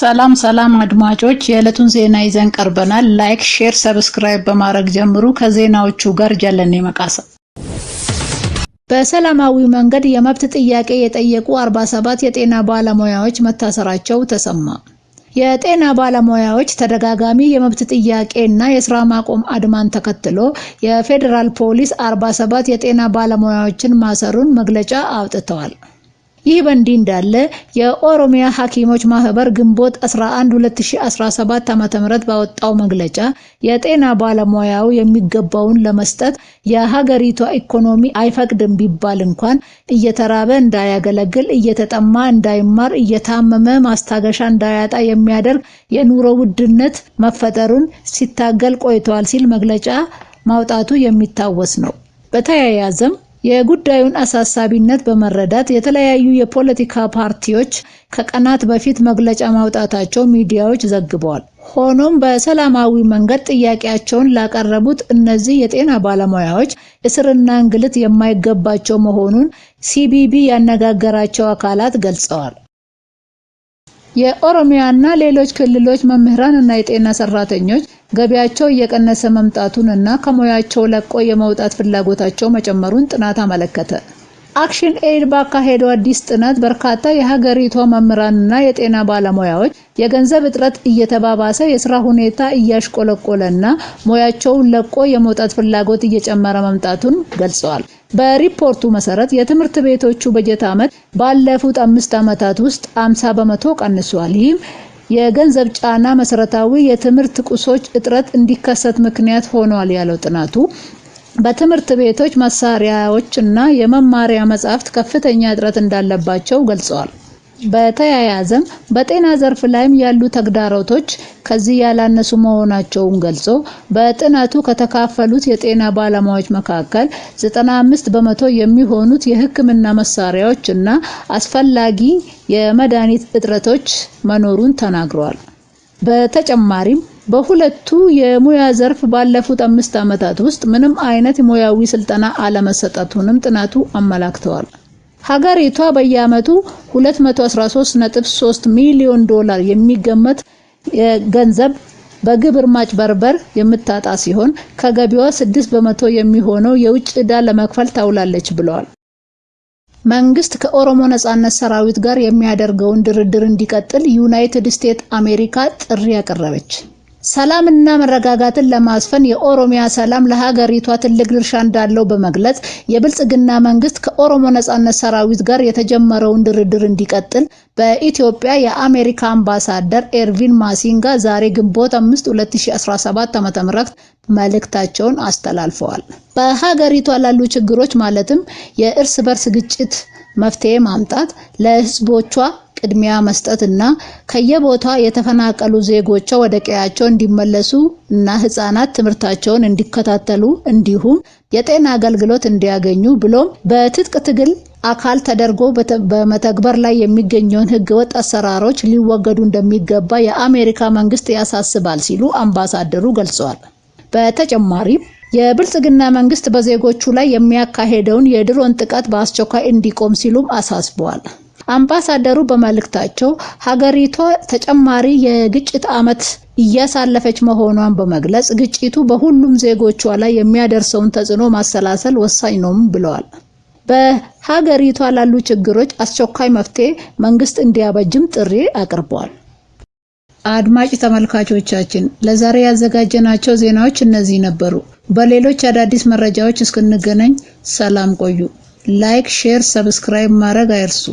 ሰላም ሰላም አድማጮች፣ የዕለቱን ዜና ይዘን ቀርበናል። ላይክ፣ ሼር፣ ሰብስክራይብ በማድረግ ጀምሩ። ከዜናዎቹ ጋር ጀለኔ መቃሳ። በሰላማዊ መንገድ የመብት ጥያቄ የጠየቁ 47 የጤና ባለሙያዎች መታሰራቸው ተሰማ። የጤና ባለሙያዎች ተደጋጋሚ የመብት ጥያቄና የስራ ማቆም አድማን ተከትሎ የፌዴራል ፖሊስ 47 የጤና ባለሙያዎችን ማሰሩን መግለጫ አውጥተዋል። ይህ በእንዲህ እንዳለ የኦሮሚያ ሐኪሞች ማህበር ግንቦት 11 2017 ም ባወጣው መግለጫ የጤና ባለሙያው የሚገባውን ለመስጠት የሀገሪቷ ኢኮኖሚ አይፈቅድም ቢባል እንኳን እየተራበ እንዳያገለግል፣ እየተጠማ እንዳይማር፣ እየታመመ ማስታገሻ እንዳያጣ የሚያደርግ የኑሮ ውድነት መፈጠሩን ሲታገል ቆይተዋል ሲል መግለጫ ማውጣቱ የሚታወስ ነው። በተያያዘም የጉዳዩን አሳሳቢነት በመረዳት የተለያዩ የፖለቲካ ፓርቲዎች ከቀናት በፊት መግለጫ ማውጣታቸው ሚዲያዎች ዘግበዋል። ሆኖም በሰላማዊ መንገድ ጥያቄያቸውን ላቀረቡት እነዚህ የጤና ባለሙያዎች እስርና እንግልት የማይገባቸው መሆኑን ሲቢቢ ያነጋገራቸው አካላት ገልጸዋል። የኦሮሚያና ሌሎች ክልሎች መምህራን እና የጤና ሰራተኞች ገቢያቸው እየቀነሰ መምጣቱን እና ከሙያቸው ለቆ የመውጣት ፍላጎታቸው መጨመሩን ጥናት አመለከተ። አክሽን ኤይድ ባካሄደው አዲስ ጥናት በርካታ የሀገሪቷ መምህራንና የጤና ባለሙያዎች የገንዘብ እጥረት እየተባባሰ፣ የስራ ሁኔታ እያሽቆለቆለና ሙያቸውን ለቆ የመውጣት ፍላጎት እየጨመረ መምጣቱን ገልጸዋል። በሪፖርቱ መሰረት የትምህርት ቤቶቹ በጀት ዓመት ባለፉት አምስት ዓመታት ውስጥ 50 በመቶ ቀንሷል። ይህም የገንዘብ ጫና መሰረታዊ የትምህርት ቁሶች እጥረት እንዲከሰት ምክንያት ሆኗል ያለው ጥናቱ በትምህርት ቤቶች መሳሪያዎች እና የመማሪያ መጻሕፍት ከፍተኛ እጥረት እንዳለባቸው ገልጸዋል። በተያያዘም በጤና ዘርፍ ላይም ያሉ ተግዳሮቶች ከዚህ ያላነሱ መሆናቸውን ገልጾ በጥናቱ ከተካፈሉት የጤና ባለሙያዎች መካከል 95 በመቶ የሚሆኑት የሕክምና መሳሪያዎች እና አስፈላጊ የመድኃኒት እጥረቶች መኖሩን ተናግረዋል። በተጨማሪም በሁለቱ የሙያ ዘርፍ ባለፉት አምስት ዓመታት ውስጥ ምንም አይነት ሙያዊ ስልጠና አለመሰጠቱንም ጥናቱ አመላክተዋል። ሀገሪቷ በየዓመቱ 213.3 ሚሊዮን ዶላር የሚገመት ገንዘብ በግብር ማጭበርበር የምታጣ ሲሆን ከገቢዋ 6 በመቶ የሚሆነው የውጭ ዕዳ ለመክፈል ታውላለች ብለዋል። መንግስት ከኦሮሞ ነጻነት ሰራዊት ጋር የሚያደርገውን ድርድር እንዲቀጥል ዩናይትድ ስቴትስ አሜሪካ ጥሪ ያቀረበች ሰላምና መረጋጋትን ለማስፈን የኦሮሚያ ሰላም ለሀገሪቷ ትልቅ ድርሻ እንዳለው በመግለጽ የብልጽግና መንግስት ከኦሮሞ ነጻነት ሰራዊት ጋር የተጀመረውን ድርድር እንዲቀጥል በኢትዮጵያ የአሜሪካ አምባሳደር ኤርቪን ማሲንጋ ዛሬ ግንቦት 5 2017 ዓ.ም መልእክታቸውን አስተላልፈዋል። በሀገሪቷ ላሉ ችግሮች ማለትም የእርስ በርስ ግጭት መፍትሄ ማምጣት፣ ለህዝቦቿ ቅድሚያ መስጠት እና ከየቦታ የተፈናቀሉ ዜጎቿ ወደ ቀያቸው እንዲመለሱ እና ህጻናት ትምህርታቸውን እንዲከታተሉ እንዲሁም የጤና አገልግሎት እንዲያገኙ ብሎም በትጥቅ ትግል አካል ተደርጎ በመተግበር ላይ የሚገኘውን ህገወጥ አሰራሮች ሊወገዱ እንደሚገባ የአሜሪካ መንግስት ያሳስባል ሲሉ አምባሳደሩ ገልጸዋል። በተጨማሪም የብልጽግና መንግስት በዜጎቹ ላይ የሚያካሄደውን የድሮን ጥቃት በአስቸኳይ እንዲቆም ሲሉም አሳስበዋል። አምባሳደሩ በመልእክታቸው ሀገሪቷ ተጨማሪ የግጭት ዓመት እያሳለፈች መሆኗን በመግለጽ ግጭቱ በሁሉም ዜጎቿ ላይ የሚያደርሰውን ተጽዕኖ ማሰላሰል ወሳኝ ነውም ብለዋል። በሀገሪቷ ላሉ ችግሮች አስቸኳይ መፍትሄ መንግስት እንዲያበጅም ጥሪ አቅርበዋል። አድማጭ ተመልካቾቻችን ለዛሬ ያዘጋጀናቸው ዜናዎች እነዚህ ነበሩ። በሌሎች አዳዲስ መረጃዎች እስክንገናኝ ሰላም ቆዩ። ላይክ፣ ሼር፣ ሰብስክራይብ ማድረግ አይርሱ።